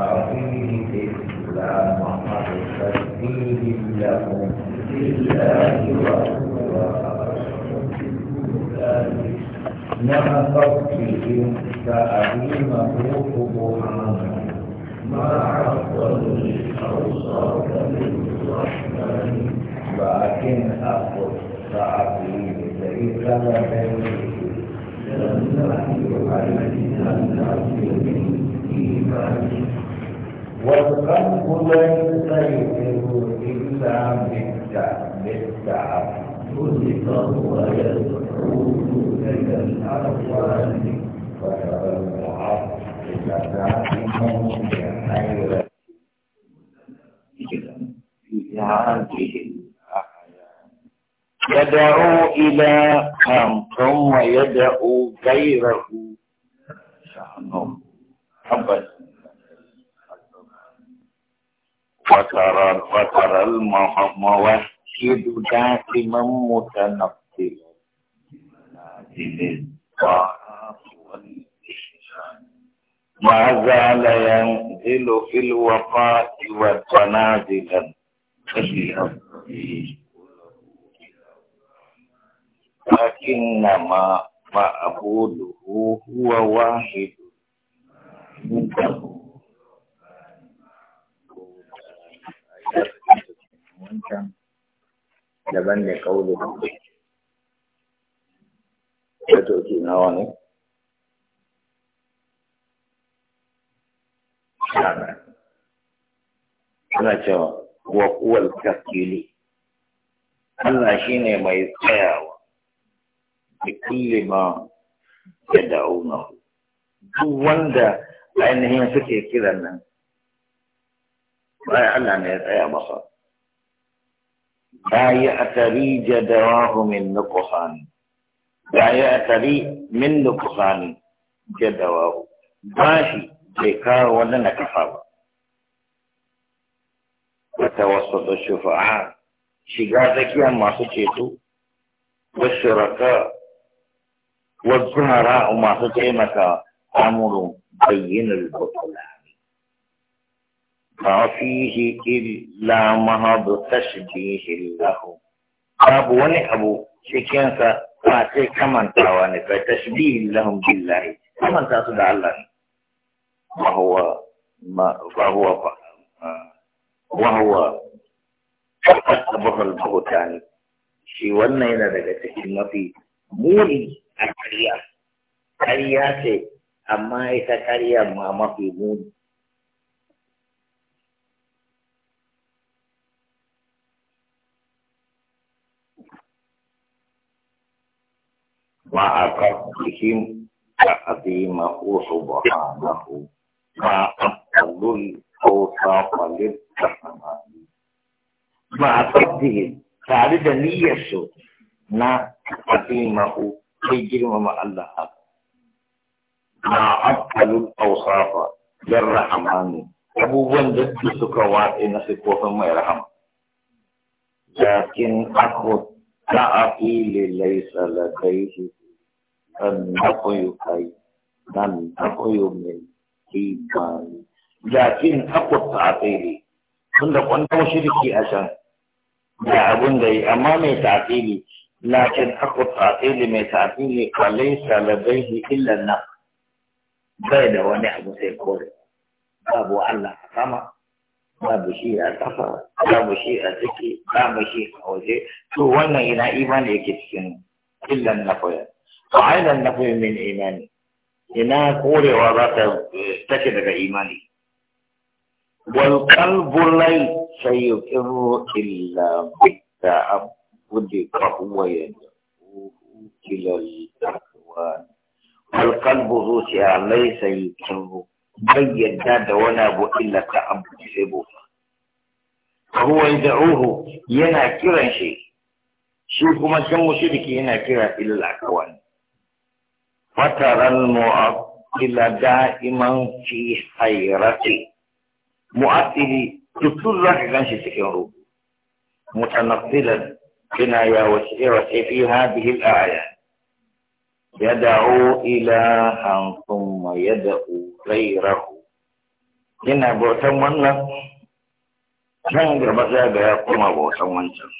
فيه إلا محبة فيه لهم بالله مع فضلهم فأعلمه سبحانه مع أفضل الأوصاف للرحمن ولكن أقل فأعلم كيف لديه لم نحيو عليها الناس من إيمانها والقلب لا يسيطر إلا بالتعب يذكر ويدعون إلى الأموال فترى المعاصي كتابهم بحيرة في هذه يدعو إلى قامكم ويدعو غيره شأنهم أبدا وترى وترى الموحد داخما متنقلا بالطاعات والإحسان ما زال ينزل في الوفاء وتنازلا لكنما معبوده هو واحد عنده wancan daban da kaulu da toki nawa ne suna cewa wa kuwal Allah shi ne mai tsayawa da kulle ma ya na. duk wanda ainihin suke kiran nan وهي الله ne ya tsaya masa لا يأتري جدواه من نقصان لا يأتري من نقصان جدواه ماشي بكار ولا نكفر وتوسط الشفعاء شقاتك يا ما سجيتو والشركاء والزهراء ما سجيمك أمر بين البطلات فيه إلا مهض تشبيه له أبو وني أبو شكيان سا فاتي كمان تاواني فتشبيه لهم بالله كمان تاسد الله وهو ما فهو ف... وهو تبه البغتان شي ولنا إلى ذلك النبي مولي الكريات كريات أما إذا كريات ما ما في مولي مع قصدهم تعظيمه سبحانه ما أفضل الأوصاف للرحمن مع قصدهم تعرض نيته نا تعظيمه يجرم مع الله ما أفضل الأوصاف للرحمن أبو da suka watsa na siffofin mai rahama lakin akwai ta'afi ليس لديه النقي خير النقي من إيمان لكن حق التعطيل tun da kwanta mushriki a can da abin da yi amma mai ta'atili lakin aku ta'atili mai ta'atili kwalai salabai illa na bai da wani abu sai kore babu Allah a sama babu shi a kafa babu shi a ciki babu shi a waje to wannan ina imani yake cikin illan na koyar Ƙa'idar na fi imani. Ina korewa za ta take daga imani. Wani ƙalbulai sai yi illa bai ta abu da ƙahuwa ya yi ƙuƙi lalitawa. Wani ƙalbulu sai a lai sai yi ƙiru. Bai yadda da wani abu illa ta abu da sai bufa. Ƙahuwa yana kiran shi. Shi kuma san wasu da ke yana kira illa kawai. fataran mu'aqila da'iman fi hayrati mu'aqili tutul lahi kan shi cikin rubu mutanaffilan kina ya wace ira ce fi hadhihi al-aya yad'u ila han thumma yad'u ghayrahu bautan wannan kan gaba za ya kuma bautan wancan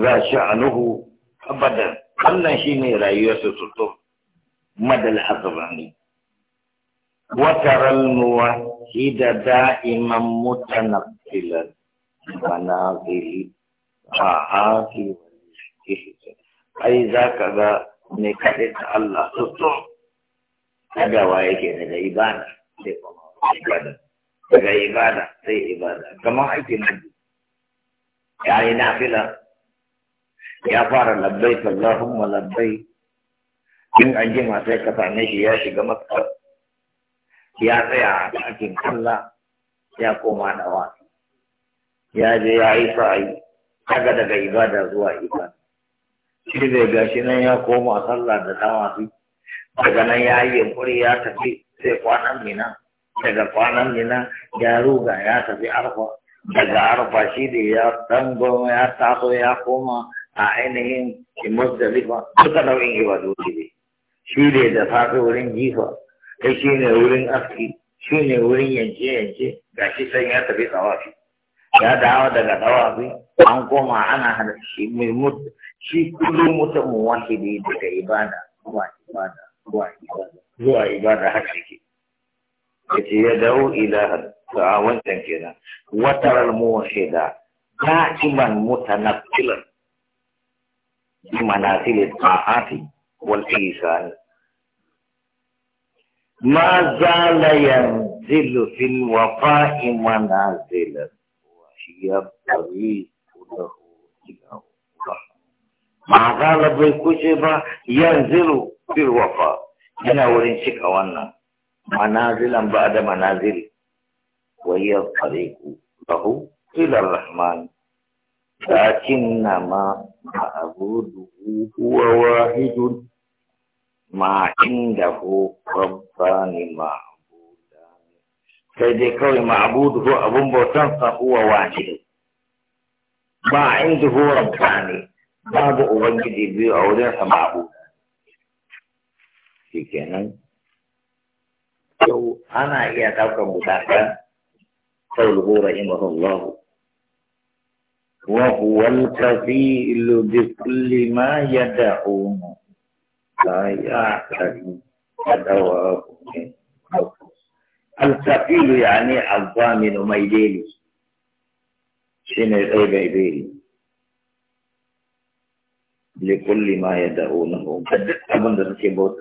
za shi anuhu abadan wannan shi ne rayuwarsu tutum madal azrani Wata ranuwa shi da da'iman mutanaffilan manazili a aki ai za ka ga ne kaɗai ta Allah tutum kadawa yake daga ibada sai kuma ibada daga ibada sai ibada kamar aikin Ya'yi na nafila ya fara labbai Allahumma labbai in an jima sai ka same shi ya shiga makka ya tsaya a ɗakin Allah ya koma da wasu ya je ya yi sa'ayi kaga daga ibada zuwa ibada shi zai gashi nan ya koma sallah da dawasi daga nan ya yi yunkuri ya tafi sai kwanan mina daga kwanan mina ya ruga ya tafi arfa daga arfa shi da ya tango ya taso ya koma a ainihin muzdalifa duka nau'in ibadu ne shi ne da safe wurin jifa kai shi ne wurin aski shi ne wurin yanke-yanke ga shi san ya tafi tsawafi ya dawo daga tsawafi an koma ana halarci mai mutu shi kullum mutum ne daga ibada zuwa ibada zuwa ibada zuwa ibada haka yake ce ya dawo ilahan a wancan kenan wataral muwahida da'iman mutanaffilan منازل الطاعات والإيثار ما زال ينزل في الوفاء منازل وهي الطريق له إلى ما زال بالكشف ينزل في الوفاء هنا ورنشك وانا منازلا بعد منازل وهي الطريق له إلى الرحمن لكنما معبوده هو واحد ما عنده ربان معبودان سيدي كوي معبوده أبو بوتان هو واحد ما عنده ربان باب أبنجد بي أولين معبود shi kenan yau ana iya ɗaukar mutakan sau lura imar Allah وهو الكفيل بكل ما يدعون لا يعتني أدواه الكفيل يعني الضامن ميديلي شنو غير يديلي لكل ما يدعونه قد أبن ذلك بوت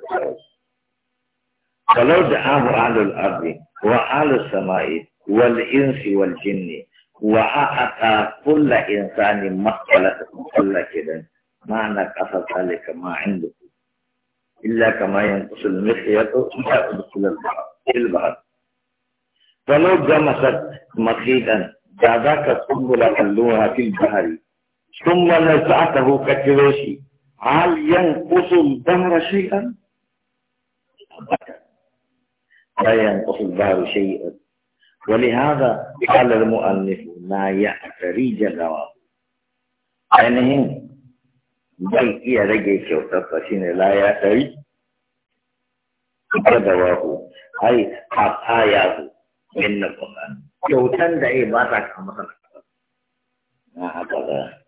ولو دعاه أهل الأرض وأهل السماء والإنس والجن وأعطى كل إنسان مقبلة مقبلة كده ما أصل ذلك ما عنده إلا كما ينقص المخيط إذا أدخل البحر في البحر فلو جمست مخيطا جاداك سنبل حلوها في البحر ثم نزعته كتريشي هل ينقص الدهر شيئا؟ لا ينقص الدهر شيئا ولهذا قال المؤلف ما يأتري جواب يعني هم بل إيا رجي شوطة فشين لا يأتري جواب هاي حق آياه من القرآن شوطان دعي ما تاك أمسان هذا